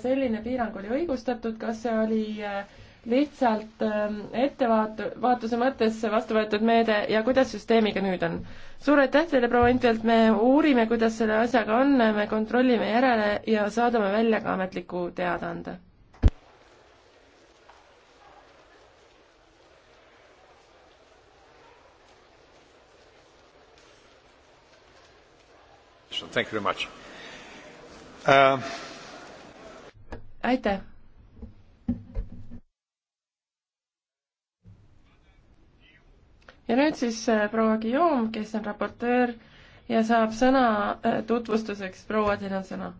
selline piirang oli õigustatud, kas see oli äh, lihtsalt ähm, ettevaatuse mõttes vastu võetud meede ja kuidas süsteemiga nüüd on? suur aitäh teile, proua Intvelt, me uurime, kuidas selle asjaga on, me kontrollime järele ja saadame välja ka ametliku teadaande. Thank you very much. Uh, aitäh! ja nüüd siis äh, proua Guillaume, kes on raportöör ja saab sõna äh, tutvustuseks. proua, teil on sõna.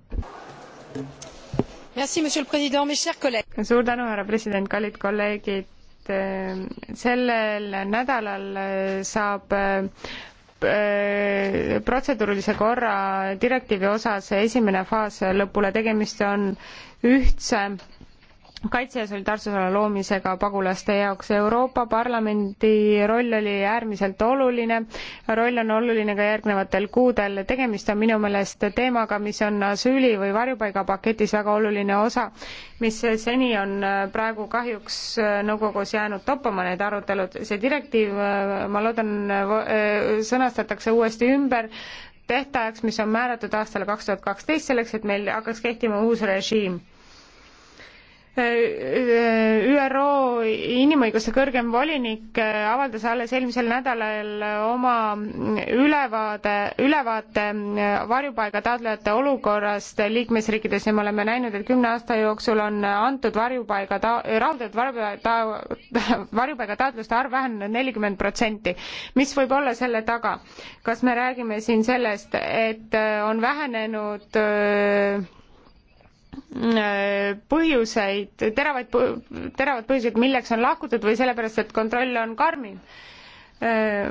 suur tänu, härra president, kallid kolleegid. Äh, sellel nädalal saab Äh, protseduurilise korra direktiivi osas esimene faas lõpule, tegemist on ühtse kaitse ja solidaarsusala loomisega pagulaste jaoks. Euroopa Parlamendi roll oli äärmiselt oluline, roll on oluline ka järgnevatel kuudel. tegemist on minu meelest teemaga, mis on asüüli või varjupaigapaketis väga oluline osa, mis seni on praegu kahjuks nõukogus jäänud toppama, need arutelud. see direktiiv, ma loodan, sõnastatakse uuesti ümber tähtajaks, mis on määratud aastale kaks tuhat kaksteist, selleks et meil hakkaks kehtima uus režiim ÜRO inimõiguste kõrgem volinik avaldas alles eelmisel nädalal oma ülevaade, ülevaate varjupaigataotlejate olukorrast liikmesriikides ja me oleme näinud, et kümne aasta jooksul on antud varjupaiga ta-, rahuldatud varjupaiga, varjupaigataotluste arv vähenenud nelikümmend protsenti. mis võib olla selle taga? kas me räägime siin sellest, et on vähenenud öö, Äh, põhjuseid, teravaid, teravad põhjuseid, milleks on lahkutud või sellepärast, et kontroll on karmim äh,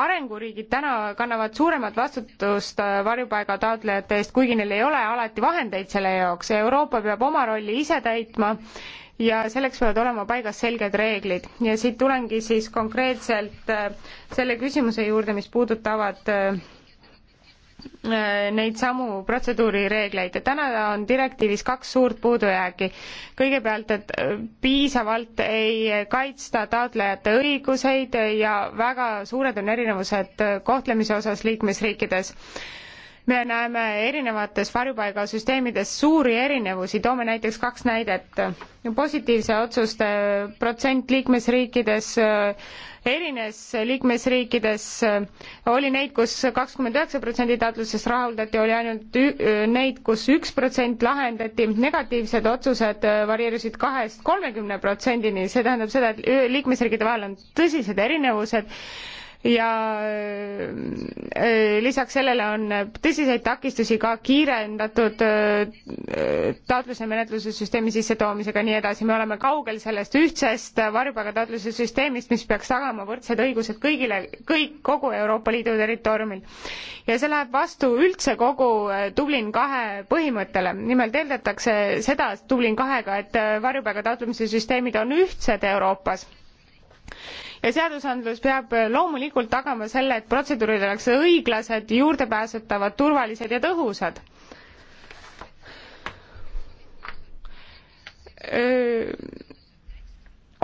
arenguriigid täna kannavad suuremat vastutust äh, varjupaiga taotlejate eest, kuigi neil ei ole alati vahendeid selle jaoks. Euroopa peab oma rolli ise täitma ja selleks peavad olema paigas selged reeglid. ja siit tulengi siis konkreetselt selle küsimuse juurde, mis puudutavad Äh, neid samu protseduurireegleid ja täna on direktiivis kaks suurt puudujäägi. kõigepealt, et äh, piisavalt ei kaitsta taotlejate õiguseid ja väga suured on erinevused äh, kohtlemise osas liikmesriikides me näeme erinevates varjupaigasüsteemides suuri erinevusi, toome näiteks kaks näidet. positiivse otsuste protsent liikmesriikides erines liikmesriikides, oli neid kus, kus kakskümmend üheksa protsenti taotlusest rahuldati, oli ainult neid kus, kus üks protsent lahendati, negatiivsed otsused varieerusid kahest kolmekümne protsendini, see tähendab seda, et liikmesriikide vahel on tõsised erinevused ja äh, äh, lisaks sellele on tõsiseid takistusi ka kiirendatud äh, taotluse menetluse süsteemi sissetoomisega ja nii edasi. me oleme kaugel sellest ühtsest varjupaigataotluse süsteemist, mis peaks tagama võrdsed õigused kõigile, kõik, kogu Euroopa Liidu territooriumil. ja see läheb vastu üldse kogu Dublin kahe põhimõttele. nimelt eeldatakse seda Dublin kahega, et varjupaiga taotlemise süsteemid on ühtsed Euroopas ja seadusandlus peab loomulikult tagama selle, et protseduurid oleks õiglased, juurdepääsetavad, turvalised ja tõhusad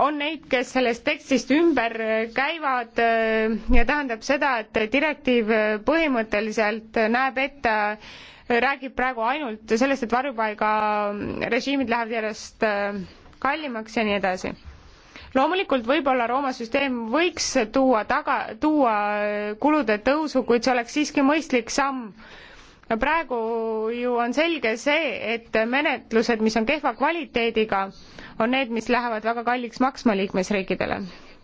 on neid, kes sellest tekstist ümber käivad ja tähendab seda, et direktiiv põhimõtteliselt näeb ette, räägib praegu ainult sellest, et varjupaigarežiimid lähevad järjest kallimaks ja nii edasi loomulikult võib-olla Rooma süsteem võiks tuua taga, tuua kulude tõusu, kuid see oleks siiski mõistlik samm praegu ju on selge see, et menetlused, mis on kehva kvaliteediga, on need, mis lähevad väga kalliks maksma liikmesriikidele.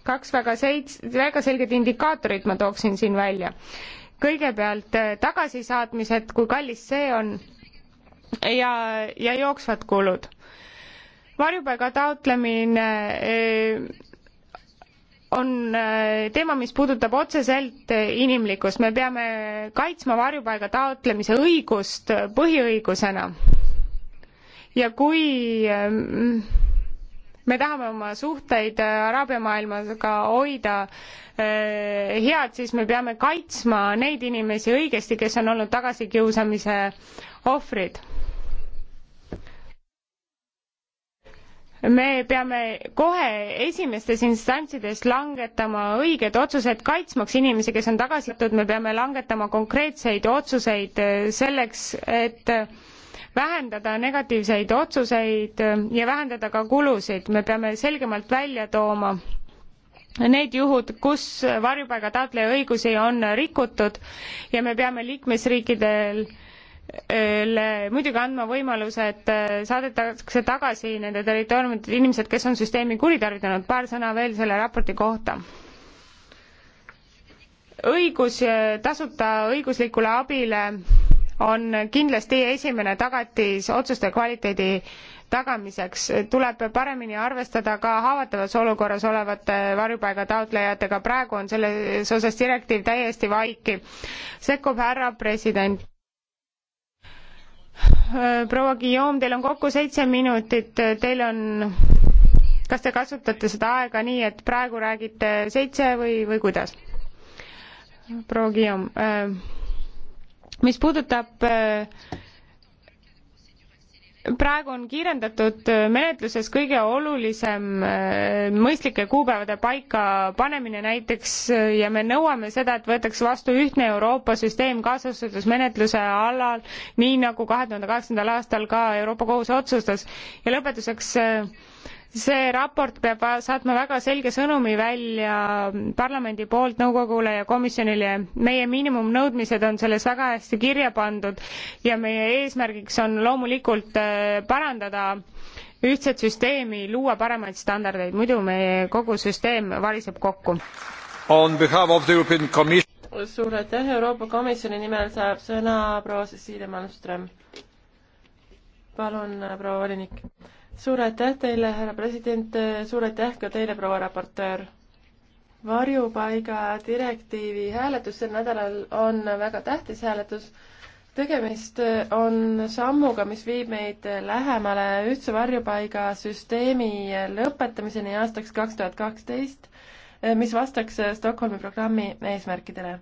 kaks väga seits-, väga selget indikaatorit ma tooksin siin välja. kõigepealt eh, tagasisaatmised, kui kallis see on, ja, ja jooksvad kulud varjupaiga taotlemine eh, on eh, teema, mis puudutab otseselt eh, inimlikkust, me peame kaitsma varjupaiga taotlemise õigust põhiõigusena. ja kui me tahame oma suhteid Araabia maailmaga hoida head, siis me peame kaitsma neid inimesi õigesti, kes on olnud tagasikiusamise ohvrid me peame kohe esimestes instantsides langetama õiged otsused, kaitsmaks inimesi, kes on tagasi jäetud, me peame langetama konkreetseid otsuseid selleks, et vähendada negatiivseid otsuseid ja vähendada ka kulusid, me peame selgemalt välja tooma need juhud, kus varjupaiga taotleja õigusi on rikutud ja me peame liikmesriikidel äh, muidugi andma võimaluse, et äh, saadetakse tagasi nende territooriumide inimesed, kes on süsteemi kuritarvitanud. paar sõna veel selle raporti kohta. õigus äh, tasuta õiguslikule abile on kindlasti esimene tagatis otsuste kvaliteedi tagamiseks. tuleb paremini arvestada ka haavatavas olukorras olevate varjupaiga taotlejatega. praegu on selles osas direktiiv täiesti vaiki. sekkub härra president Äh, proua Guillaume, teil on kokku seitse minutit, teil on, kas te kasutate seda aega nii, et praegu räägite seitse või, või kuidas? proua Guillaume, äh, mis puudutab äh, praegu on kiirendatud menetluses kõige olulisem äh, mõistlike kuupäevade paikapanemine näiteks äh, ja me nõuame seda, et võetakse vastu ühtne Euroopa süsteem kaasasutusmenetluse alal, nii nagu kahe tuhande kaheksandal aastal ka Euroopa Kohus otsustas. ja lõpetuseks äh, see raport peab saatma väga selge sõnumi välja parlamendi poolt nõukogule ja komisjonile. meie miinimumnõudmised on selles väga hästi kirja pandud ja meie eesmärgiks on loomulikult äh, parandada ühtset süsteemi, luua paremaid standardeid, muidu meie kogu süsteem variseb kokku. suur aitäh, Euroopa Komisjoni nimel saab sõna proua Cecilia Malmström. palun, äh, proua volinik suur aitäh teile, härra president, suur aitäh ka teile, proua raportöör. varjupaiga direktiivi hääletus sel nädalal on väga tähtis hääletus tegemist on sammuga, mis viib meid lähemale ühtse varjupaigasüsteemi lõpetamiseni aastaks kaks tuhat kaksteist, mis vastaks Stockholmi programmi eesmärkidele.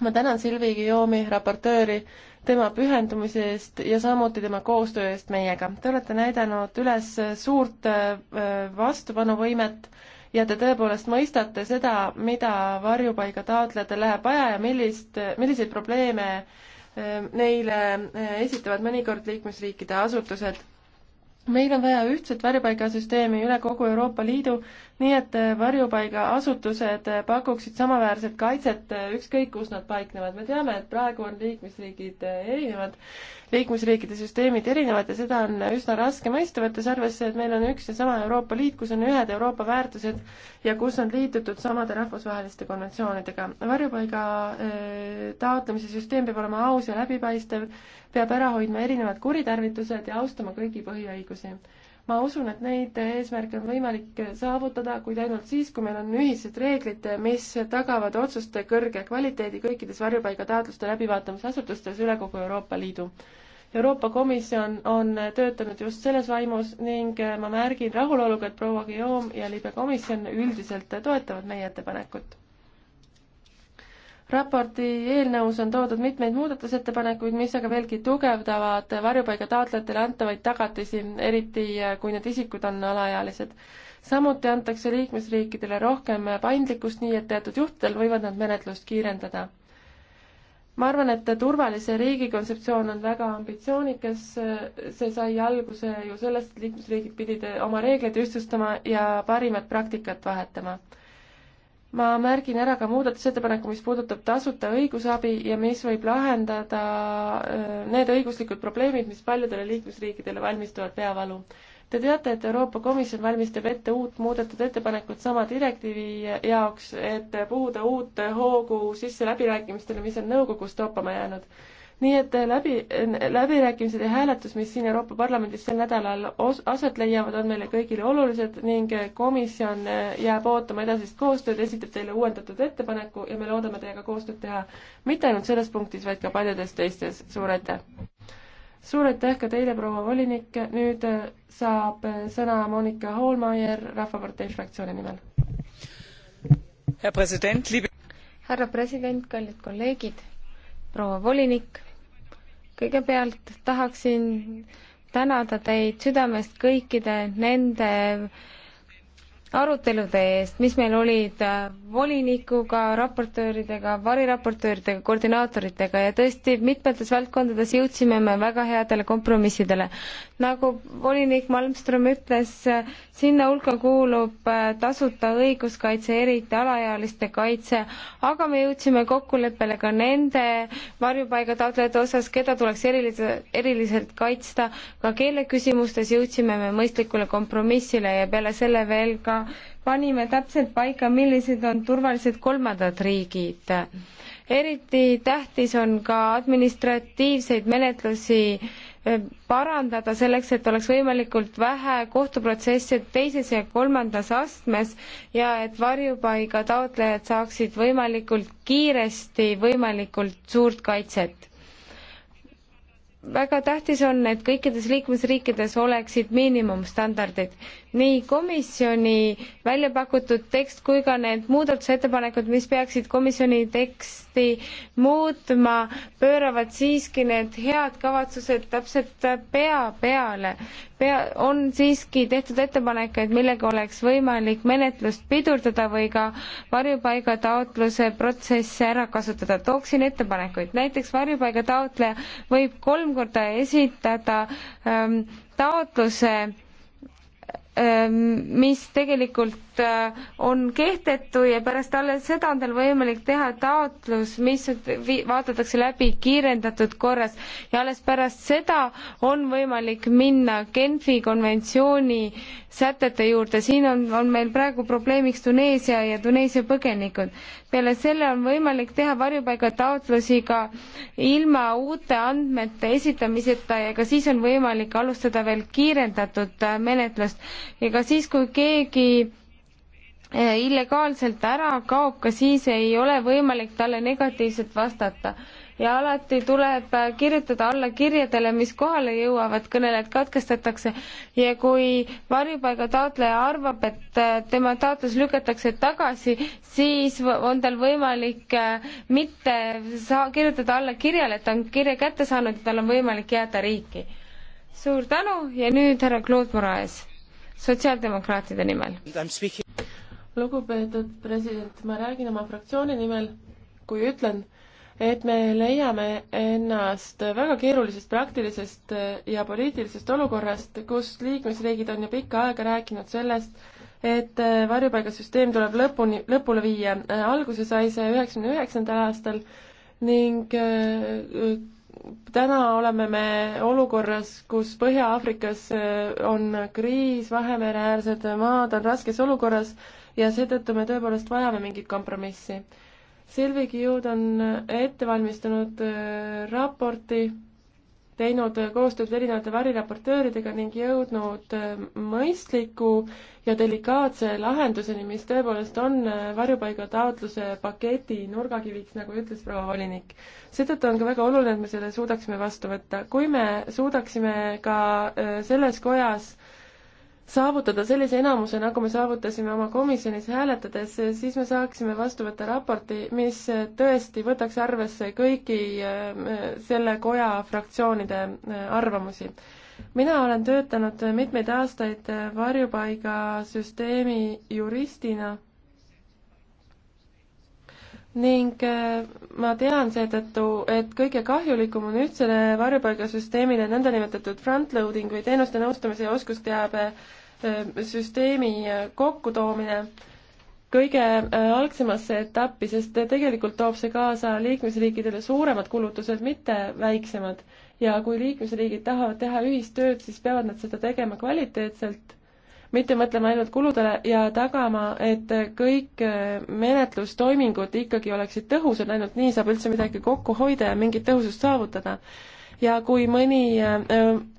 ma tänan Silvi Guillaume'i, raportööri, tema pühendumise eest ja samuti tema koostöö eest meiega. Te olete näidanud üles suurt äh, vastupanuvõimet ja te tõepoolest mõistate seda, mida varjupaiga taotlejatel läheb vaja ja millist, milliseid probleeme äh, neile äh, esitavad mõnikord liikmesriikide asutused meil on vaja ühtset varjupaigasüsteemi üle kogu Euroopa Liidu, nii et äh, varjupaigaasutused äh, pakuksid samaväärset kaitset, äh, ükskõik kus nad paiknevad. me teame, et praegu on liikmesriigid erinevad, liikmesriikide süsteemid erinevad ja seda on üsna raske mõista, võttes arvesse, et meil on üks ja sama Euroopa Liit, kus on ühed Euroopa väärtused ja kus on liitutud samade rahvusvaheliste konventsioonidega. varjupaiga taotlemise süsteem peab olema aus ja läbipaistev, peab ära hoidma erinevad kuritarvitused ja austama kõigi põhiõigusi. ma usun, et neid eesmärke on võimalik saavutada, kuid ainult siis, kui meil on ühised reeglid, mis tagavad otsuste kõrge kvaliteedi kõikides varjupaigataotluste läbivaatamisasutustes üle kogu Euroopa Liidu Euroopa Komisjon on töötanud just selles vaimus ning ma märgin rahuloluga, et proua Guillaume ja libe komisjon üldiselt toetavad meie ettepanekut raporti eelnõus on toodud mitmeid muudatusettepanekuid, mis aga veelgi tugevdavad varjupaiga taotlejatele antavaid tagatisi, eriti äh, kui need isikud on alaealised. samuti antakse liikmesriikidele rohkem paindlikkust, nii et teatud juhtudel võivad nad menetlust kiirendada. ma arvan, et turvalise riigi kontseptsioon on väga ambitsioonikas, see sai alguse ju sellest, et liikmesriigid pidid oma reegleid ühtsustama ja parimat praktikat vahetama ma märgin ära ka muudatusettepaneku, mis puudutab tasuta õigusabi ja mis võib lahendada äh, need õiguslikud probleemid, mis paljudele liikmesriikidele valmistuvad peavalu. Te teate, et Euroopa Komisjon valmistab ette uut muudetud ettepanekut sama direktiivi jaoks, et puhuda uut hoogu sisse läbirääkimistele, mis on nõukogus toppama jäänud nii et äh, läbi, läbirääkimised ja hääletus, mis siin Euroopa Parlamendis sel nädalal os-, aset leiavad, on meile kõigile olulised ning äh, komisjon äh, jääb ootama edasist koostööd, esitab teile uuendatud ettepaneku ja me loodame teiega koostööd teha mitte ainult selles punktis, vaid ka paljudes teistes, suur aitäh! suur aitäh ka teile, proua volinik, nüüd saab sõna Monika Hoolmeier Rahvapartei fraktsiooni nimel. härra president, liib... president, kallid kolleegid, proua volinik kõigepealt tahaksin tänada teid südamest kõikide nende arutelude eest, mis meil olid äh, volinikuga, raportööridega, variraportööridega, koordinaatoritega ja tõesti mitmetes valdkondades jõudsime me väga headele kompromissidele. nagu volinik Malmström ütles, äh, sinna hulka kuulub äh, tasuta õiguskaitse, eriti alaealiste kaitse, aga me jõudsime kokkuleppele ka nende varjupaigataotlejate osas, keda tuleks eriliselt, eriliselt kaitsta, ka keeleküsimustes jõudsime me mõistlikule kompromissile ja peale selle veel ka panime täpselt paika, millised on turvalised kolmandad riigid. eriti tähtis on ka administratiivseid menetlusi eh, parandada selleks, et oleks võimalikult vähe kohtuprotsesse teises ja kolmandas astmes ja et varjupaiga taotlejad saaksid võimalikult kiiresti võimalikult suurt kaitset väga tähtis on, et kõikides liikmesriikides oleksid miinimumstandardid nii komisjoni välja pakutud tekst kui ka need muudatusettepanekud, mis peaksid komisjoni teksti muutma, pööravad siiski need head kavatsused täpselt pea peale. pea, on siiski tehtud ettepanekuid et, millega oleks võimalik menetlust pidurdada või ka varjupaigataotluse protsessi ära kasutada. tooksin ettepanekuid, näiteks varjupaigataotleja võib kolm korda esitada ähm, taotluse Ehm, mis tegelikult Äh, on kehtetu ja pärast alles seda on tal võimalik teha taotlus, mis vaadatakse läbi kiirendatud korras ja alles pärast seda on võimalik minna Genfi konventsiooni sätete juurde. siin on, on meil praegu probleemiks Tuneesia ja Tuneesia põgenikud. peale selle on võimalik teha varjupaigataotlusi ka ilma uute andmete esitamiseta ja ka siis on võimalik alustada veel kiirendatud äh, menetlust ja ka siis, kui keegi Eh, illegaalselt ära kaob, ka siis ei ole võimalik talle negatiivselt vastata. ja alati tuleb eh, kirjutada alla kirjadele, mis kohale jõuavad, kõneled katkestatakse ja kui varjupaiga taotleja arvab, et eh, tema taotlus lükatakse tagasi, siis on tal võimalik mitte saa-, kirjutada alla kirjale, et ta on kirja kätte saanud ja tal on võimalik jääda riiki. suur tänu ja nüüd härra Claude Moraes sotsiaaldemokraatide nimel lugupeetud president, ma räägin oma fraktsiooni nimel, kui ütlen, et me leiame ennast väga keerulisest praktilisest ja poliitilisest olukorrast, kus liikmesriigid on ju pikka aega rääkinud sellest, et varjupaigasüsteem tuleb lõpuni, lõpule viia. alguse sai see üheksakümne üheksandal aastal ning täna oleme me olukorras, kus Põhja-Aafrikas äh, on kriis, Vahemereäärsed maad on raskes olukorras ja seetõttu me tõepoolest vajame mingit kompromissi. Silvi Kiud on ette valmistanud äh, raporti teinud koostööd erinevate variraportööridega ning jõudnud äh, mõistliku ja delikaatse lahenduseni, mis tõepoolest on äh, varjupaigataotluse paketi nurgakiviks, nagu ütles proua volinik. seetõttu on ka väga oluline, et me selle suudaksime vastu võtta. kui me suudaksime ka äh, selles kojas saavutada sellise enamuse, nagu me saavutasime oma komisjonis hääletades, siis me saaksime vastu võtta raporti, mis tõesti võtaks arvesse kõigi äh, selle koja fraktsioonide äh, arvamusi. mina olen töötanud mitmeid aastaid äh, varjupaigasüsteemi juristina ning äh, ma tean seetõttu, et kõige kahjulikum on ühtsele varjupaigasüsteemile nõndanimetatud front-loading või teenuste nõustamise ja oskusteabe äh, süsteemi äh, kokkutoomine kõige algsemasse etappi, sest tegelikult toob see kaasa liikmesriikidele suuremad kulutused, mitte väiksemad. ja kui liikmesriigid tahavad teha ühistööd, siis peavad nad seda tegema kvaliteetselt mitte mõtlema ainult kuludele ja tagama, et kõik äh, menetlustoimingud ikkagi oleksid tõhusad, ainult nii saab üldse midagi kokku hoida ja mingit tõhusust saavutada. ja kui mõni äh,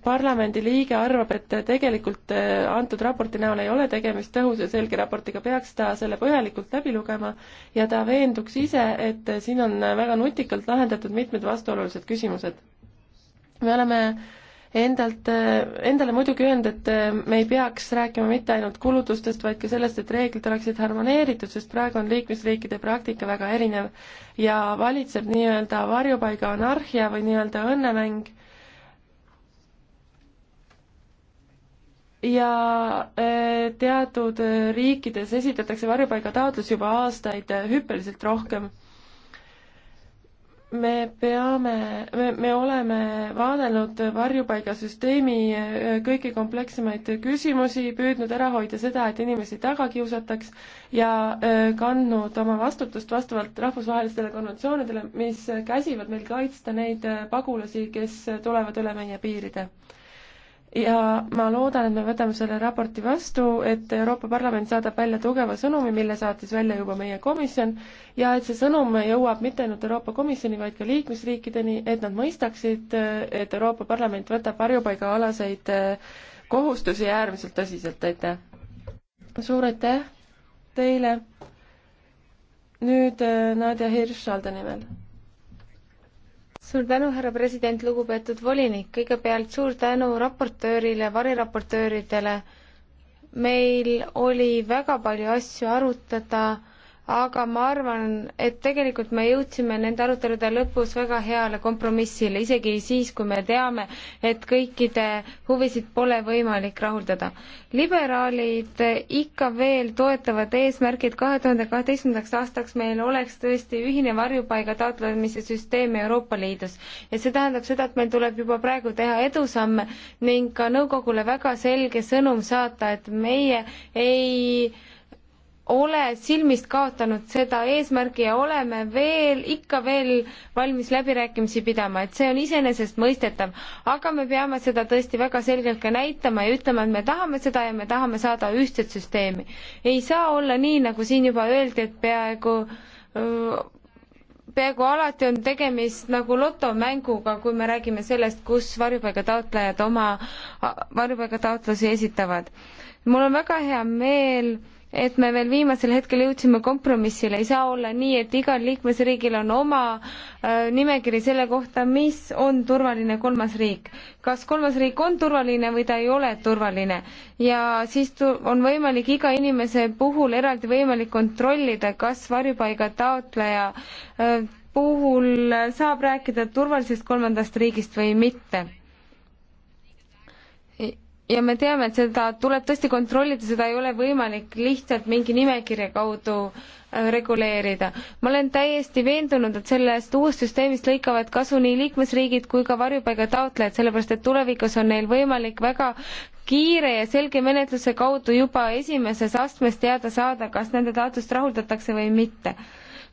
parlamendiliige arvab, et tegelikult äh, antud raporti näol ei ole tegemist tõhusa ja selge raportiga, peaks ta selle põhjalikult läbi lugema ja ta veenduks ise, et siin on väga nutikalt lahendatud mitmed vastuolulised küsimused. me oleme äh, endalt, endale muidugi öelnud, et äh, me ei peaks rääkima mitte ainult kulutustest, vaid ka sellest, et reeglid oleksid harmoneeritud, sest praegu on liikmesriikide praktika väga erinev ja valitseb nii-öelda varjupaiga anarhia või nii-öelda õnnemäng ja äh, teatud äh, riikides esitatakse varjupaigataotlusi juba aastaid hüppeliselt rohkem me peame, me, me oleme vaadelnud varjupaigasüsteemi äh, kõiki komplekssemaid küsimusi, püüdnud ära hoida seda, et inimesi taga kiusataks ja äh, kandnud oma vastutust vastavalt rahvusvahelistele konventsioonidele, mis käsivad meil kaitsta neid äh, pagulasi, kes tulevad üle meie piiride ja ma loodan, et me võtame selle raporti vastu, et Euroopa Parlament saadab välja tugeva sõnumi, mille saatis välja juba meie komisjon, ja et see sõnum jõuab mitte ainult Euroopa Komisjoni, vaid ka liikmesriikideni, et nad mõistaksid, et Euroopa Parlament võtab varjupaigaalaseid eh, kohustusi äärmiselt tõsiselt, aitäh! suur aitäh teile! nüüd eh, Nadja Hirš Alde nimel suur tänu, härra president, lugupeetud volinik, kõigepealt suur tänu raportöörile, variraportööridele. meil oli väga palju asju arutada aga ma arvan, et tegelikult me jõudsime nende arutelude lõpus väga heale kompromissile, isegi siis, kui me teame, et kõikide huvisid pole võimalik rahuldada. liberaalid ikka veel toetavad eesmärki, et kahe tuhande kaheteistkümnendaks aastaks meil oleks tõesti ühine varjupaiga taotlemise süsteem Euroopa Liidus. ja see tähendab seda, et meil tuleb juba praegu teha edusamme ning ka nõukogule väga selge sõnum saata, et meie ei ole silmist kaotanud seda eesmärgi ja oleme veel, ikka veel valmis läbirääkimisi pidama, et see on iseenesestmõistetav. aga me peame seda tõesti väga selgelt ka näitama ja ütlema, et me tahame seda ja me tahame saada ühtset süsteemi. ei saa olla nii, nagu siin juba öeldi, et peaaegu peaaegu alati on tegemist nagu lotomänguga, kui me räägime sellest, kus varjupaigataotlejad oma varjupaigataotlusi esitavad. mul on väga hea meel äh, et me veel viimasel hetkel jõudsime kompromissile, ei saa olla nii, et igal liikmesriigil on oma äh, nimekiri selle kohta, mis on turvaline kolmas riik. kas kolmas riik on turvaline või ta ei ole turvaline ja siis on võimalik iga inimese puhul eraldi võimalik kontrollida, kas varjupaiga taotleja äh, puhul saab rääkida turvalisest kolmandast riigist või mitte ja me teame, et seda tuleb tõesti kontrollida, seda ei ole võimalik lihtsalt mingi nimekirja kaudu äh, reguleerida. ma olen täiesti veendunud, et sellest uuest süsteemist lõikavad kasu nii liikmesriigid kui ka varjupaigataotlejad, sellepärast et tulevikus on neil võimalik väga kiire ja selge menetluse kaudu juba esimeses astmes teada saada, kas nende taotlust rahuldatakse või mitte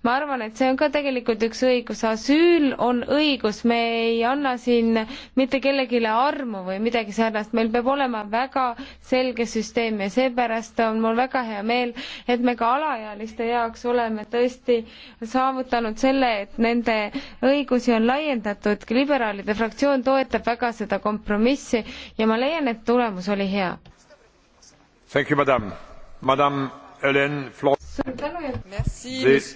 ma arvan, et see on ka tegelikult üks õigus, asüül on õigus, me ei anna siin mitte kellelegi armu või midagi sarnast, meil peab olema väga selge süsteem ja seepärast on mul väga hea meel, et me ka alaealiste jaoks oleme tõesti saavutanud selle, et nende õigusi on laiendatud, liberaalide fraktsioon toetab väga seda kompromissi ja ma leian, et tulemus oli hea. Thank you, madam. Madam Helen Flo-. suur tänu ja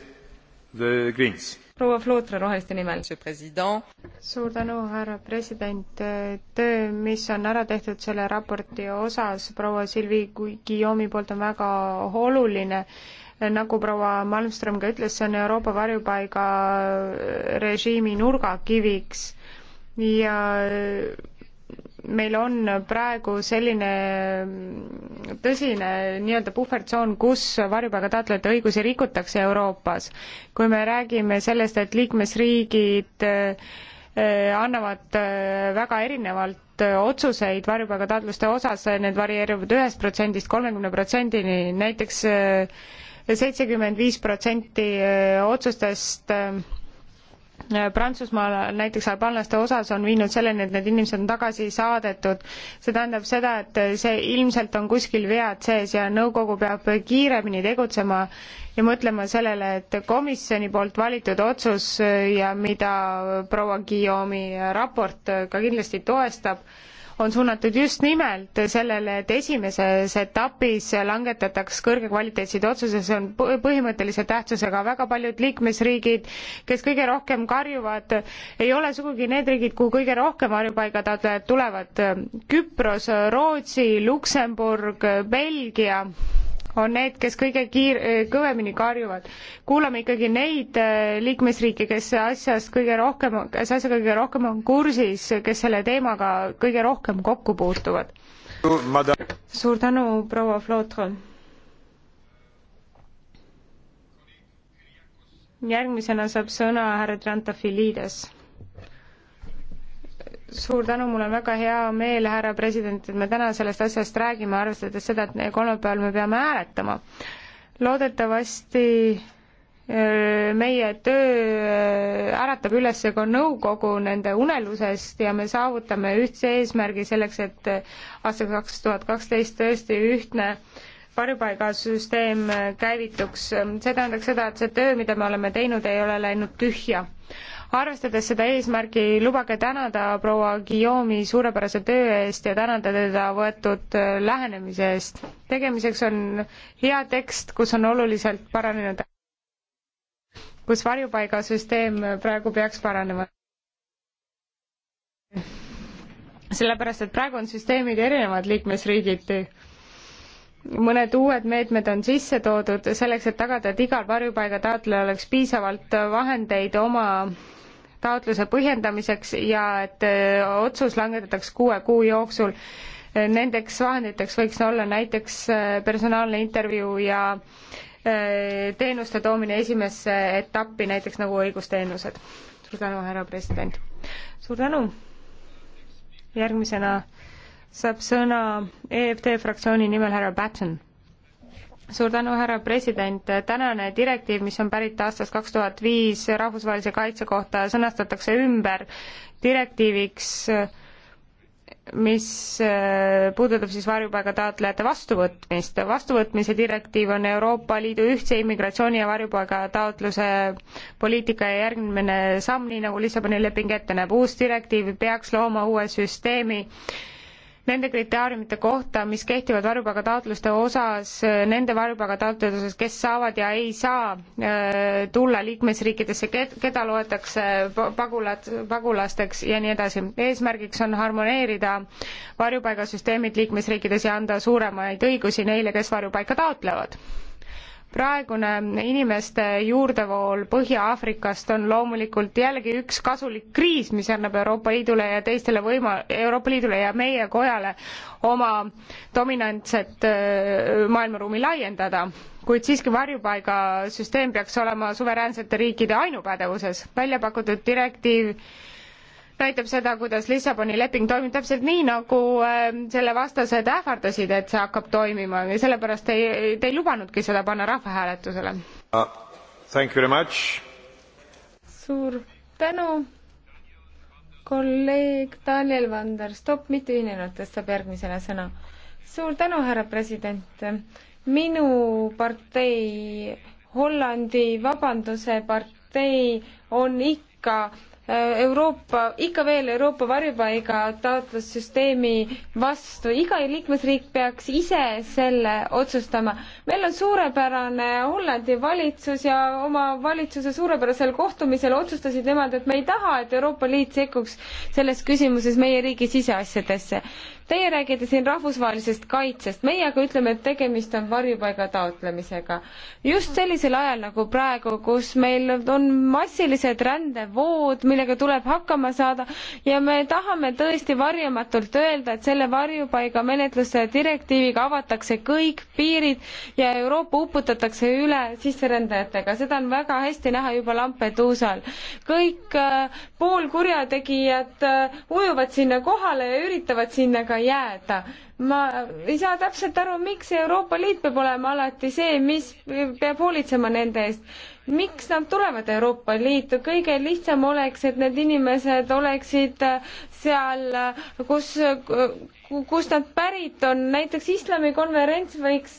proua Flutre Roheliste nimel. suur tänu, härra president. töö, mis on ära tehtud selle raporti osas proua Silvi Guillaume'i poolt, on väga oluline nagu proua Malmström ka ütles, see on Euroopa varjupaiga režiimi nurgakiviks ja meil on praegu selline tõsine nii-öelda puhvertsoon, kus varjupaigataotlejate õigusi rikutakse Euroopas. kui me räägime sellest, et liikmesriigid eh, annavad eh, väga erinevalt eh, otsuseid varjupaigataotluste osas, need varieeruvad ühest protsendist kolmekümne protsendini, näiteks seitsekümmend viis protsenti otsustest Prantsusmaal näiteks albaanlaste osas on viinud selleni, et need inimesed on tagasi saadetud. see tähendab seda, et see ilmselt on kuskil vead sees ja nõukogu peab kiiremini tegutsema ja mõtlema sellele, et komisjoni poolt valitud otsus ja mida proua Guillaume'i raport ka kindlasti toestab, on suunatud just nimelt sellele, et esimeses etapis langetataks kõrgekvaliteetseid otsuse, see on põhimõttelise tähtsusega. väga paljud liikmesriigid, kes kõige rohkem karjuvad, ei ole sugugi need riigid, kuhu kõige rohkem varjupaigataotlejad tulevad. Küpros, Rootsi, Luksemburg, Belgia on need, kes kõige kiir-, kõvemini karjuvad. kuulame ikkagi neid äh, liikmesriike, kes asjast kõige rohkem, kes asjaga kõige rohkem on kursis, kes selle teemaga kõige rohkem kokku puutuvad. suur tänu, proua Flotron. järgmisena saab sõna härra Trantafilides suur tänu, mul on väga hea meel, härra president, et me täna sellest asjast räägime, arvestades seda, et kolmapäeval me peame hääletama. loodetavasti äh, meie töö äh, äratab üles ka nõukogu nende unelusest ja me saavutame ühtse eesmärgi selleks, et äh, aastaks kaks tuhat kaksteist tõesti ühtne varjupaigasüsteem käivituks. see tähendaks seda, et see töö, mida me oleme teinud, ei ole läinud tühja arvestades seda eesmärgi, lubage tänada proua Guillaume'i suurepärase töö eest ja tänada teda võetud äh, lähenemise eest. tegemiseks on hea tekst, kus on oluliselt paranenud, kus varjupaigasüsteem praegu peaks paranema sellepärast, et praegu on süsteemid erinevad liikmesriigiti. mõned uued meetmed on sisse toodud selleks, et tagada, et igal varjupaiga taotlejal oleks piisavalt vahendeid oma taotluse põhjendamiseks ja et äh, otsus langetataks kuue kuu jooksul. Nendeks vahenditeks võiks olla näiteks äh, personaalne intervjuu ja äh, teenuste toomine esimesse etappi, näiteks nagu õigusteenused. suur tänu, härra president. suur tänu. järgmisena saab sõna EFD fraktsiooni nimel härra Patten suur tänu, härra president, tänane direktiiv, mis on pärit aastast kaks tuhat viis rahvusvahelise kaitse kohta, sõnastatakse ümber direktiiviks, mis äh, puudutab siis varjupaiga taotlejate vastuvõtmist. vastuvõtmise direktiiv on Euroopa Liidu ühtse immigratsiooni ja varjupaiga taotluse poliitika ja järgmine samm, nii nagu Lissaboni leping ette näeb. uus direktiiv peaks looma uue süsteemi, nende kriteeriumite kohta, mis kehtivad varjupaigataotluste osas, nende varjupaigataotlejate osas, kes saavad ja ei saa äh, tulla liikmesriikidesse, keda loetakse pagulad, pagulasteks ja nii edasi. eesmärgiks on harmoneerida varjupaigasüsteemid liikmesriikides ja anda suuremaid õigusi neile, kes varjupaika taotlevad praegune inimeste juurdevool Põhja-Aafrikast on loomulikult jällegi üks kasulik kriis, mis annab Euroopa Liidule ja teistele võima-, Euroopa Liidule ja meie kojale oma dominantset maailmaruumi laiendada. kuid siiski varjupaigasüsteem peaks olema suveräänsete riikide ainupädevuses. välja pakutud direktiiv näitab seda, kuidas Lissaboni leping toimib täpselt nii, nagu ähm, selle vastased ähvardasid, et see hakkab toimima ja sellepärast te ei, te ei lubanudki seda panna rahvahääletusele uh,. Thank you very much. suur tänu, kolleeg Daniel Vander, stopp mitteühinenutest saab järgmisena sõna. suur tänu, härra president. minu partei, Hollandi Vabanduse partei on ikka Äh, Euroopa, ikka veel Euroopa varjupaiga taotlussüsteemi vastu, iga liikmesriik peaks ise selle otsustama. meil on suurepärane Hollandi valitsus ja oma valitsuse suurepärasel kohtumisel otsustasid nemad, et me ei taha, et Euroopa Liit sekkuks selles küsimuses meie riigi siseasjadesse. Teie räägite siin rahvusvahelisest kaitsest, meie aga ütleme, et tegemist on varjupaiga taotlemisega. just sellisel ajal nagu praegu, kus meil on massilised rändevood, mille millega tuleb hakkama saada ja me tahame tõesti varjamatult öelda, et selle varjupaigamenetluse direktiiviga avatakse kõik piirid ja Euroopa uputatakse üle sisserändajatega, seda on väga hästi näha juba Lampeduusal. kõik äh, poolkurjategijad äh, ujuvad sinna kohale ja üritavad sinna ka jääda ma ei saa täpselt aru, miks Euroopa Liit peab olema alati see, mis peab hoolitsema nende eest miks nad tulevad Euroopa Liitu, kõige lihtsam oleks, et need inimesed oleksid äh, seal, äh, kus, äh, kust nad pärit on, näiteks islamikonverents võiks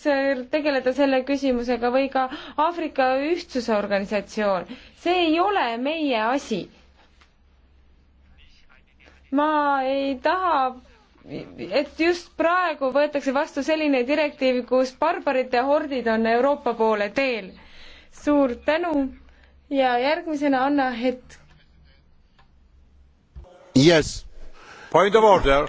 tegeleda selle küsimusega või ka Aafrika Ühtsuse Organisatsioon. see ei ole meie asi. ma ei taha et just praegu võetakse vastu selline direktiiv, kus barbarite hordid on Euroopa poole teel suur tänu ja järgmisena Anna Hetk. Yes. Point of order.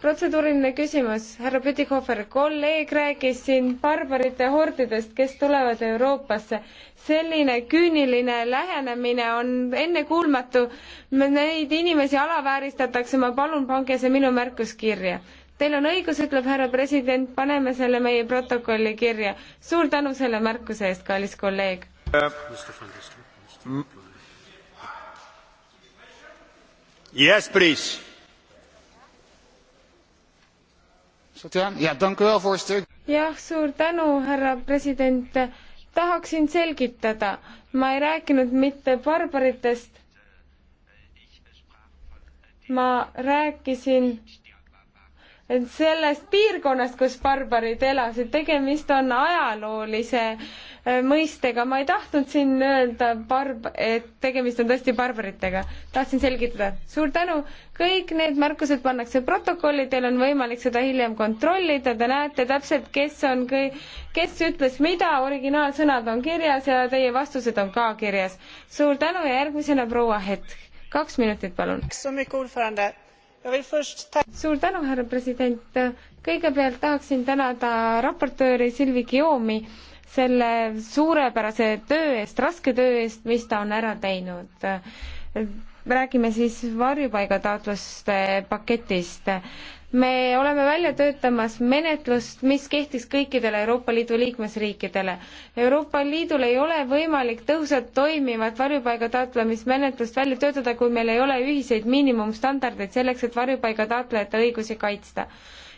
protseduuriline küsimus, härra Pütikofer, kolleeg rääkis siin barbarite hordidest, kes tulevad Euroopasse. selline küüniline lähenemine on ennekuulmatu. Neid inimesi alavääristatakse, ma palun, pange see minu märkus kirja Teil on õigus, ütleb härra president, paneme selle meie protokolli kirja. suur tänu selle märkuse eest, kallis kolleeg uh,. Yes, please. jah, suur tänu, härra president. tahaksin selgitada, ma ei rääkinud mitte barbaritest, ma rääkisin sellest piirkonnast, kus barbarid elasid, tegemist on ajaloolise äh, mõistega, ma ei tahtnud siin öelda barb-, et tegemist on tõesti barbaritega. tahtsin selgitada. suur tänu, kõik need märkused pannakse protokolli, teil on võimalik seda hiljem kontrollida, te näete täpselt, kes on kõi-, kes ütles mida, originaalsõnad on kirjas ja teie vastused on ka kirjas. suur tänu ja järgmisena proua Hetk, kaks minutit palun suur tänu, härra president. kõigepealt tahaksin tänada raportööri Silvi Kiomi selle suurepärase töö eest, raske töö eest, mis ta on ära teinud räägime siis varjupaigataotluste paketist. me oleme välja töötamas menetlust, mis kehtiks kõikidele Euroopa Liidu liikmesriikidele. Euroopa Liidul ei ole võimalik tõhusalt toimivat varjupaigataotlemismenetlust välja töötada, kui meil ei ole ühiseid miinimumstandardeid selleks, et varjupaigataotlejate õigusi kaitsta.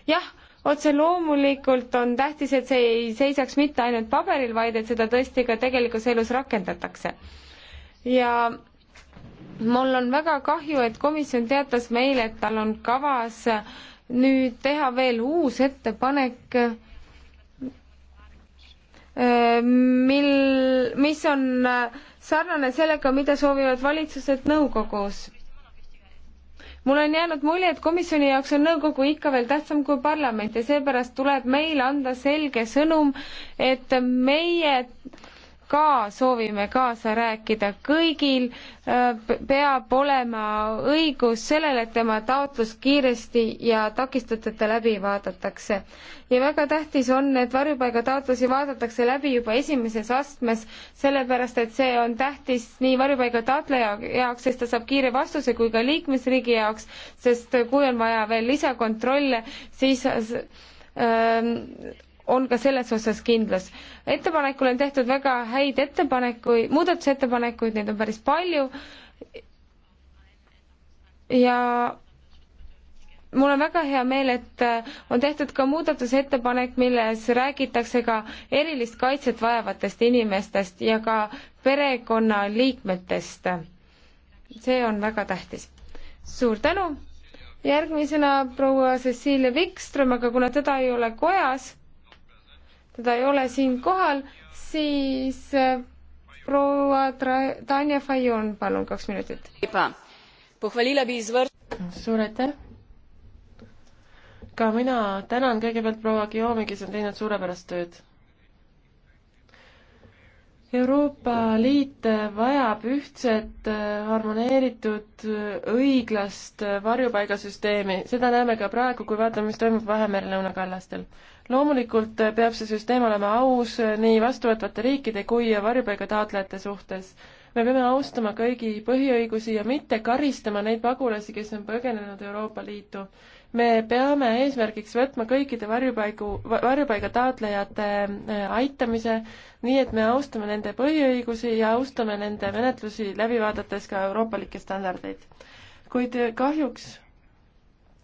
jah otse loomulikult on tähtis, et see ei seisaks mitte ainult paberil, vaid et seda tõesti ka tegelikus elus rakendatakse. ja mul on väga kahju, et komisjon teatas meile, et tal on kavas nüüd teha veel uus ettepanek, äh, mil, mis on sarnane sellega, mida soovivad valitsused nõukogus. mul on jäänud mulje, et komisjoni jaoks on nõukogu ikka veel tähtsam kui parlament ja seepärast tuleb meile anda selge sõnum, et meie ka soovime kaasa rääkida. kõigil äh, peab olema õigus sellele, et tema taotlus kiiresti ja takistusteta läbi vaadatakse. ja väga tähtis on, et varjupaigataotlusi vaadatakse läbi juba esimeses astmes, sellepärast et see on tähtis nii varjupaigataotleja jaoks, sest ta saab kiire vastuse, kui ka liikmesriigi jaoks, sest kui on vaja veel lisakontrolle, siis ähm, on ka selles osas kindlas. ettepanekul on tehtud väga häid ettepanekuid, muudatusettepanekuid, neid on päris palju ja mul on väga hea meel, et äh, on tehtud ka muudatusettepanek, milles räägitakse ka erilist kaitset vajavatest inimestest ja ka perekonnaliikmetest. see on väga tähtis. suur tänu! järgmisena proua Cecilia Wikström, aga kuna teda ei ole kojas, teda ei ole siin kohal, siis äh, proua Tanja Fajon, palun, kaks minutit. suur aitäh! ka mina tänan kõigepealt proua Guillaume'i, kes on teinud suurepärast tööd Euroopa Liit vajab ühtset, äh, harmoneeritud, äh, õiglast äh, varjupaigasüsteemi, seda näeme ka praegu, kui vaatame, mis toimub Vahemere lõunakallastel. loomulikult peab see süsteem olema aus nii vastuvõtvate riikide kui varjupaigataotlejate suhtes. me peame austama kõigi põhiõigusi ja mitte karistama neid pagulasi, kes on põgenenud Euroopa Liitu me peame eesmärgiks võtma kõikide varjupaigu, varjupaiga taotlejate äh, aitamise, nii et me austame nende põhiõigusi ja austame nende menetlusi läbi vaadates ka euroopalikke standardeid. kuid äh, kahjuks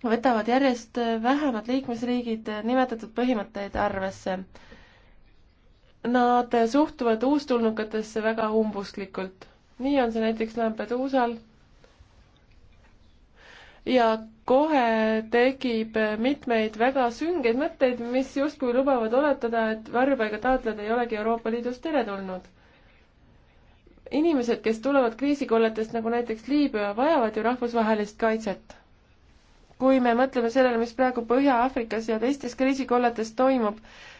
võtavad järjest äh, vähemad liikmesriigid nimetatud põhimõtteid arvesse. Nad suhtuvad uustulnukatesse väga umbusklikult. nii on see näiteks Lampeduusal ja kohe tekib mitmeid väga süngeid mõtteid, mis justkui lubavad oletada, et varjupaiga taotlejad ei olegi Euroopa Liidus teretulnud. inimesed, kes tulevad kriisikolletest, nagu näiteks Liibüa, vajavad ju rahvusvahelist kaitset kui me mõtleme sellele, mis praegu Põhja-Aafrikas ja teistes kriisikolletes toimub,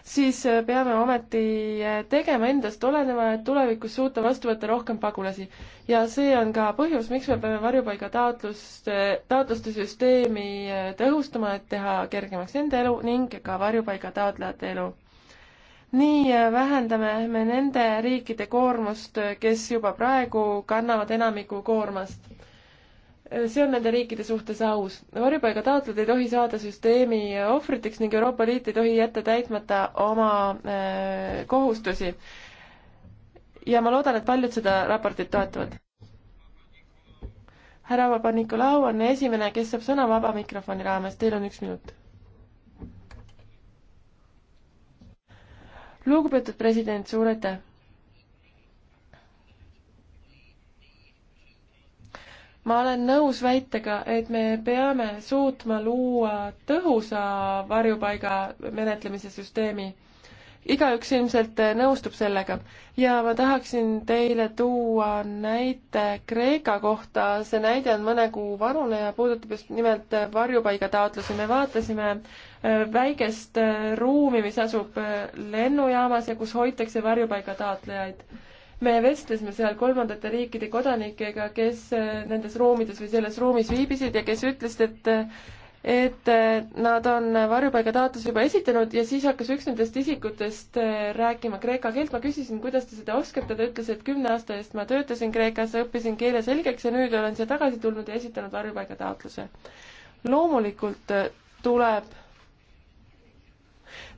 siis äh, peame ometi äh, tegema endast oleneva, et tulevikus suuta vastu võtta rohkem pagulasi. ja see on ka põhjus, miks me peame varjupaiga taotlust, äh, taotluste süsteemi tõhustama, et teha kergemaks nende elu ning ka varjupaiga taotlejate elu nii vähendame me nende riikide koormust, kes juba praegu kannavad enamiku koormast see on nende riikide suhtes aus. varjupaiga taotlejad ei tohi saada süsteemi ohvriteks ning Euroopa Liit ei tohi jätta täitmata oma äh, kohustusi. ja ma loodan, et paljud seda raportit toetavad. härra Vaba-Nikolau on esimene, kes saab sõna vaba mikrofoni raames, teil on üks minut. lugupeetud president, suur aitäh! ma olen nõus väitega, et me peame suutma luua tõhusa varjupaiga menetlemise süsteemi igaüks ilmselt nõustub sellega. ja ma tahaksin teile tuua näite Kreeka kohta, see näide on mõne kuu vanune ja puudutab just nimelt varjupaigataotlusi, me vaatasime äh, väikest äh, ruumi, mis asub äh, lennujaamas ja kus hoitakse varjupaigataotlejaid me vestlesime seal kolmandate riikide kodanikega, kes äh, nendes ruumides või selles ruumis viibisid ja kes ütlesid, et äh, et äh, nad on varjupaigataotluse juba esitanud ja siis hakkas üks nendest isikutest rääkima kreeka keelt. ma küsisin, kuidas ta seda oskab, ta ütles, et kümne aasta eest ma töötasin Kreekas, õppisin keele selgeks ja nüüd olen siia tagasi tulnud ja esitanud varjupaigataotluse. loomulikult tuleb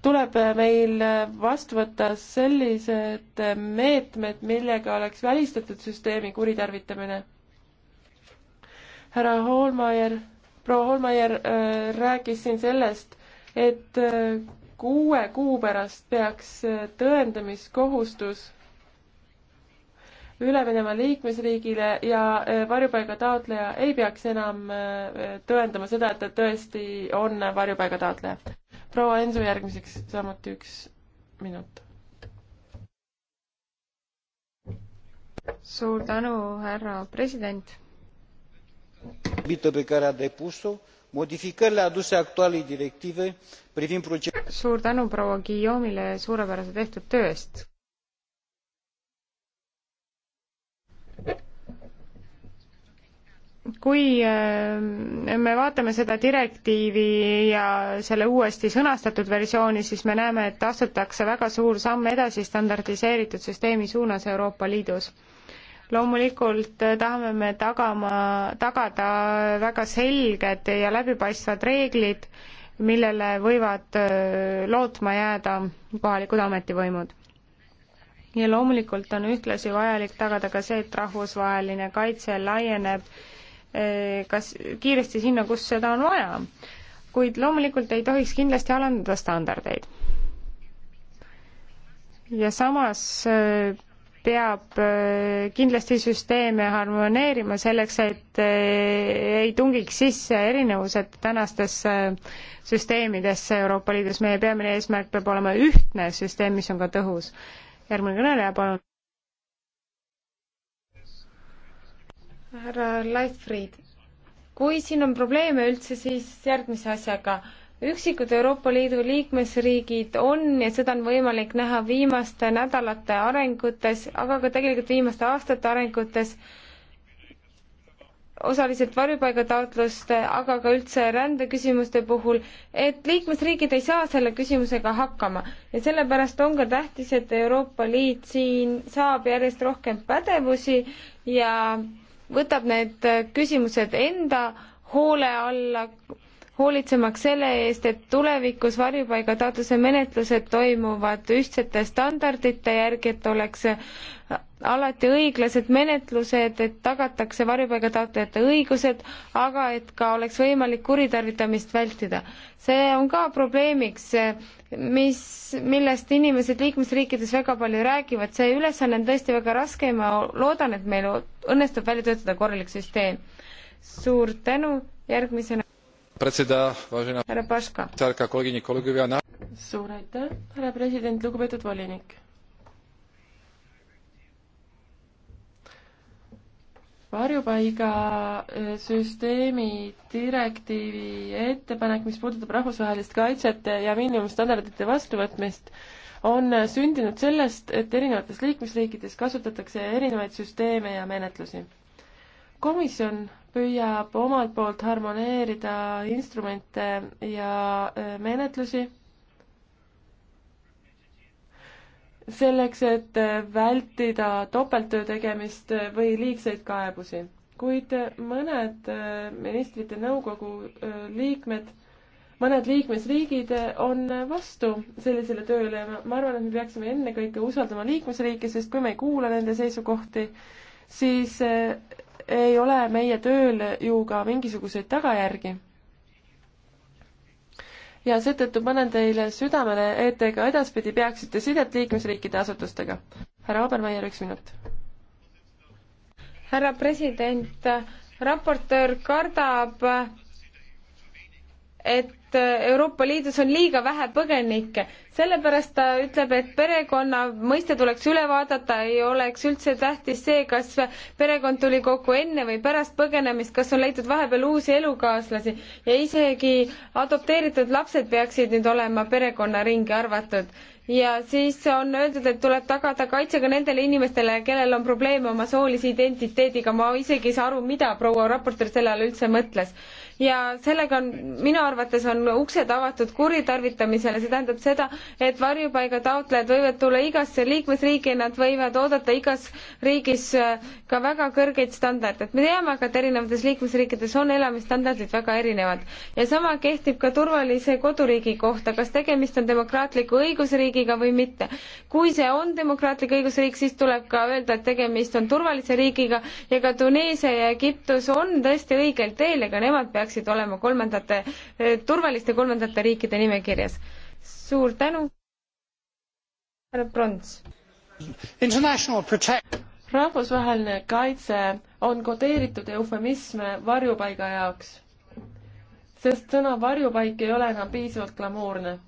tuleb äh, meil äh, vastu võtta sellised äh, meetmed, millega oleks välistatud süsteemi kuritarvitamine. härra Hoolmeier, proua Hoolmeier äh, rääkis siin sellest, et äh, kuue kuu pärast peaks tõendamiskohustus üle minema liikmesriigile ja varjupaiga taotleja ei peaks enam tõendama seda, et ta tõesti on varjupaiga taotleja proua Ensu järgmiseks samuti üks minut. suur tänu, härra president. pe care a depus-o, modificările aduse actualei directive privind procedurile. suur tänu proua Guillaume'ile suurepärase tehtud töö eest kui äh, me vaatame seda direktiivi ja selle uuesti sõnastatud versiooni, siis me näeme, et astutakse väga suur samm edasi standardiseeritud süsteemi suunas Euroopa Liidus. loomulikult äh, tahame me tagama, tagada väga selged ja läbipaistvad reeglid, millele võivad äh, lootma jääda kohalikud ametivõimud ja loomulikult on ühtlasi vajalik tagada ka see, et rahvusvaheline kaitse laieneb äh, Eh, kas kiiresti sinna, kus seda on vaja. kuid loomulikult ei tohiks kindlasti alandada standardeid. ja samas eh, peab eh, kindlasti süsteeme harmoneerima selleks, et ei tungiks sisse erinevused tänastesse süsteemidesse Euroopa Liidus. meie peamine eesmärk peab olema ühtne süsteem, mis on ka tõhus. järgmine kõneleja, palun. härra Leifrid, kui siin on probleeme üldse, siis järgmise asjaga. üksikud Euroopa Liidu liikmesriigid on ja seda on võimalik näha viimaste nädalate arengutes, aga ka tegelikult viimaste aastate arengutes, osaliselt varjupaigataotluste, aga ka üldse rändeküsimuste puhul, et liikmesriigid ei saa selle küsimusega hakkama ja sellepärast on ka tähtis, et Euroopa Liit siin saab järjest rohkem pädevusi ja võtab need küsimused enda hoole alla hoolitsemaks selle eest, et tulevikus varjupaigataotluse menetlused toimuvad ühtsete standardite järgi, et oleks alati õiglased menetlused, et tagatakse varjupaigataotlejate õigused, aga et ka oleks võimalik kuritarvitamist vältida. see on ka probleemiks, mis, millest inimesed liikmesriikides väga palju räägivad, see ülesanne on tõesti väga raske ja ma loodan, et meil õnnestub välja töötada korralik süsteem. suur tänu, järgmisena predseda, vážená härra Paška. suur aitäh, härra president, lugupeetud volinik. varjupaigasüsteemi äh, direktiivi ettepanek, mis puudutab rahvusvahelist kaitset ja miinimumstandardite vastuvõtmist, on sündinud sellest, et erinevates liikmesriikides kasutatakse erinevaid süsteeme ja menetlusi komisjon püüab omalt poolt harmoneerida instrumente ja äh, menetlusi selleks, et äh, vältida topelttöö tegemist äh, või liigseid kaebusi. kuid mõned ministrite nõukogu liikmed, mõned liikmesriigid on vastu sellisele tööle ja ma arvan, et me peaksime ennekõike usaldama liikmesriike, sest kui me ei kuula nende seisukohti, siis ei ole meie tööl ju ka mingisuguseid tagajärgi. ja seetõttu panen teile südamele, et te ka edaspidi peaksite sidet liikmesriikide asutustega. härra Obermeier, üks minut. härra president, raportöör kardab, et et äh, Euroopa Liidus on liiga vähe põgenikke. sellepärast ta ütleb, et perekonna mõiste tuleks üle vaadata, ei oleks üldse tähtis see, kas perekond tuli kokku enne või pärast põgenemist, kas on leitud vahepeal uusi elukaaslasi ja isegi adopteeritud lapsed peaksid nüüd olema perekonnaringi arvatud ja siis on öeldud, et tuleb tagada kaitse ka nendele inimestele, kellel on probleeme oma soolise identiteediga, ma isegi ei saa aru, mida proua raportöör selle all üldse mõtles ja sellega on minu arvates on uksed avatud kuritarvitamisele, see tähendab seda, et varjupaiga taotlejad võivad tulla igasse liikmesriigi, nad võivad oodata igas riigis äh, ka väga kõrgeid standardeid. me teame aga, et erinevates liikmesriikides on elamisstandardid väga erinevad ja sama kehtib ka turvalise koduriigi kohta, kas tegemist on demokraatliku õigusriigiga või mitte. kui see on demokraatlik õigusriik, siis tuleb ka öelda, et tegemist on turvalise riigiga ja ka Tuneesia ja Egiptus on tõesti õigel teel ja ka nemad peaksid peaksid olema kolmandate, eh, turvaliste kolmandate riikide nimekirjas. suur tänu, härra Prons. rahvusvaheline kaitse on kodeeritud eufemism varjupaiga jaoks, sest sõna varjupaik ei ole enam piisavalt glamuurne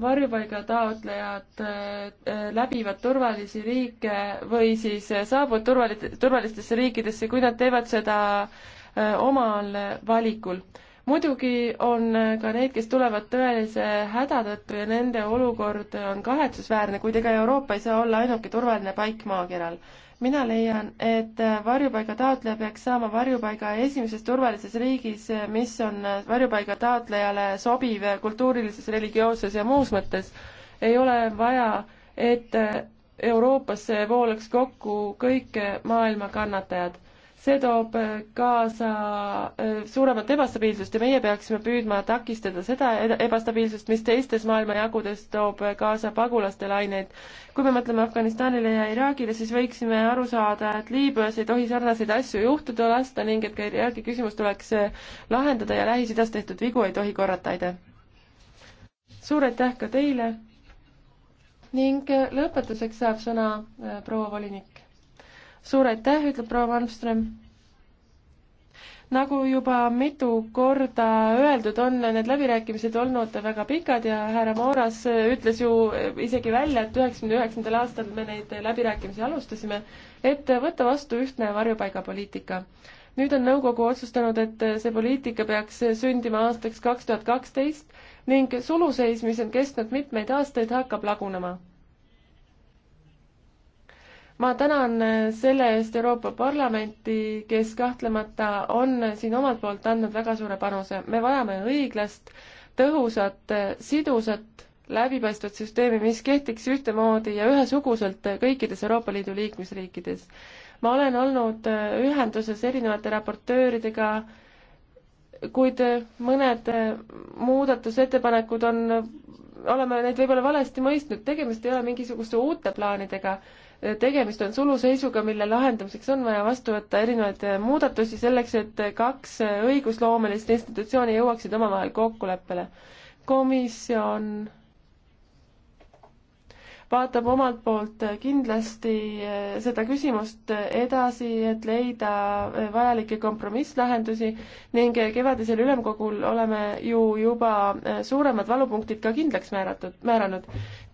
varjupaiga taotlejad eh, eh, läbivad turvalisi riike või siis saabuvad turvali-, turvalistesse riikidesse, kui nad teevad seda Äh, omal valikul. muidugi on äh, ka neid, kes tulevad tõelise häda tõttu ja nende olukord äh, on kahetsusväärne, kuid ega Euroopa ei saa olla ainuke turvaline paik maakeral mina leian, et varjupaiga taotleja peaks saama varjupaiga esimeses turvalises riigis, mis on varjupaiga taotlejale sobiv kultuurilises, religioosses ja muus mõttes. ei ole vaja, et Euroopasse voolaks kokku kõik maailma kannatajad see toob kaasa äh, suuremat ebastabiilsust ja meie peaksime püüdma takistada seda ebastabiilsust, mis teistes maailmajagudes toob kaasa pagulaste laineid. kui me mõtleme Afganistanile ja Iraagile, siis võiksime aru saada, et Liibüas ei tohi sarnaseid asju juhtuda lasta ning et ka Iraagi küsimus tuleks äh, lahendada ja Lähis-Idas tehtud vigu ei tohi korrata, aitäh! suur aitäh ka teile ning äh, lõpetuseks saab sõna proua volinik suur aitäh, ütleb proua Malmström. nagu juba mitu korda öeldud, on need läbirääkimised olnud väga pikad ja härra Mooras ütles ju isegi välja, et üheksakümne üheksandal aastal me neid läbirääkimisi alustasime, et võtta vastu ühtne varjupaigapoliitika nüüd on nõukogu otsustanud, et see poliitika peaks sündima aastaks kaks tuhat kaksteist ning suluseis, mis on kestnud mitmeid aastaid, hakkab lagunema ma tänan selle eest Euroopa Parlamenti, kes kahtlemata on siin omalt poolt andnud väga suure panuse. me vajame õiglast, tõhusat, sidusat, läbipaistvat süsteemi, mis kehtiks ühtemoodi ja ühesuguselt kõikides Euroopa Liidu liikmesriikides. ma olen olnud ühenduses erinevate raportööridega, kuid mõned muudatusettepanekud on, oleme neid võib-olla valesti mõistnud, tegemist ei ole mingisuguste uute plaanidega tegemist on suluseisuga, mille lahendamiseks on vaja vastu võtta erinevaid muudatusi selleks, et kaks õigusloomelist institutsiooni jõuaksid omavahel kokkuleppele. komisjon vaatab omalt poolt kindlasti seda küsimust edasi, et leida vajalikke kompromisslahendusi ning kevadisel ülemkogul oleme ju juba suuremad valupunktid ka kindlaks määratud, määranud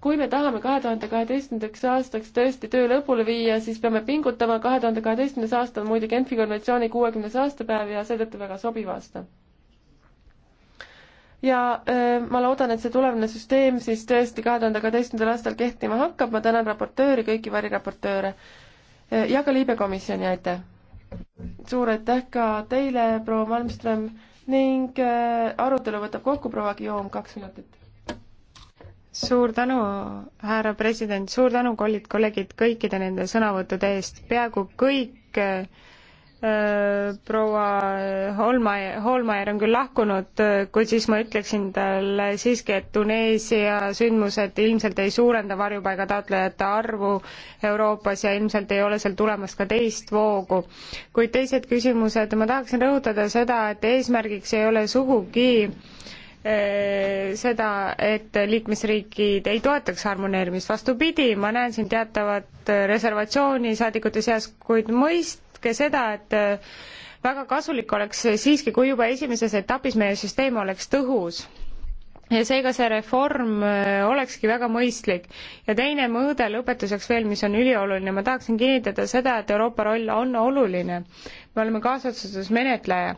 kui me tahame kahe tuhande kaheteistkümnendaks aastaks tõesti töö lõpule viia, siis peame pingutama, kahe tuhande kaheteistkümnes aasta on muide Genfi konventsiooni kuuekümnes aastapäev ja seetõttu väga sobiv aasta. ja öö, ma loodan, et see tulevane süsteem siis tõesti kahe tuhande kaheteistkümnendal aastal kehtima hakkab, ma tänan raportööri, kõiki variraportööre ja ka liibekomisjoni, aitäh! suur aitäh ka teile, proua Malmström ning arutelu võtab kokku proua Guillaume, kaks minutit suur tänu, härra president, suur tänu, kallid kolleegid, kõikide nende sõnavõttude eest, peaaegu kõik äh, proua Holmaier, Holmaier on küll lahkunud, äh, kuid siis ma ütleksin talle siiski, et Tuneesia sündmused ilmselt ei suurenda varjupaigataotlejate arvu Euroopas ja ilmselt ei ole seal tulemas ka teist voogu. kuid teised küsimused, ma tahaksin rõhutada seda, et eesmärgiks ei ole sugugi äh, Eh, seda, et liikmesriigid ei toetaks harmoneerimist, vastupidi, ma näen siin teatavat reservatsiooni saadikute seas, kuid mõistke seda, et eh, väga kasulik oleks siiski, kui juba esimeses etapis meie süsteem oleks tõhus. ja seega see reform eh, olekski väga mõistlik. ja teine mõõde lõpetuseks veel, mis on ülioluline, ma tahaksin kinnitada seda, et Euroopa roll on oluline. me oleme kaasotsustusmenetleja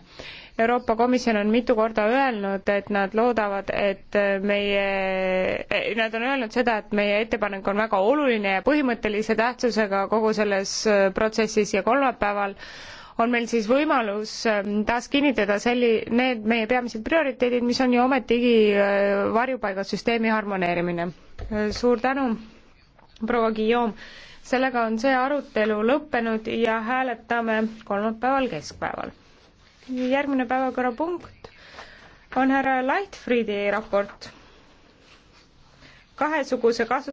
Euroopa Komisjon on mitu korda öelnud, et nad loodavad, et meie, nad on öelnud seda, et meie ettepanek on väga oluline ja põhimõttelise tähtsusega kogu selles äh, protsessis ja kolmapäeval on meil siis võimalus äh, taas kinnitada selli-, need meie peamised prioriteedid, mis on ju ometigi äh, varjupaigasüsteemi harmoneerimine. suur tänu, proua Guillaume! sellega on see arutelu lõppenud ja hääletame kolmapäeval keskpäeval järgmine päevakorrapunkt on härra Lightfriedi raport kahesuguse kasu-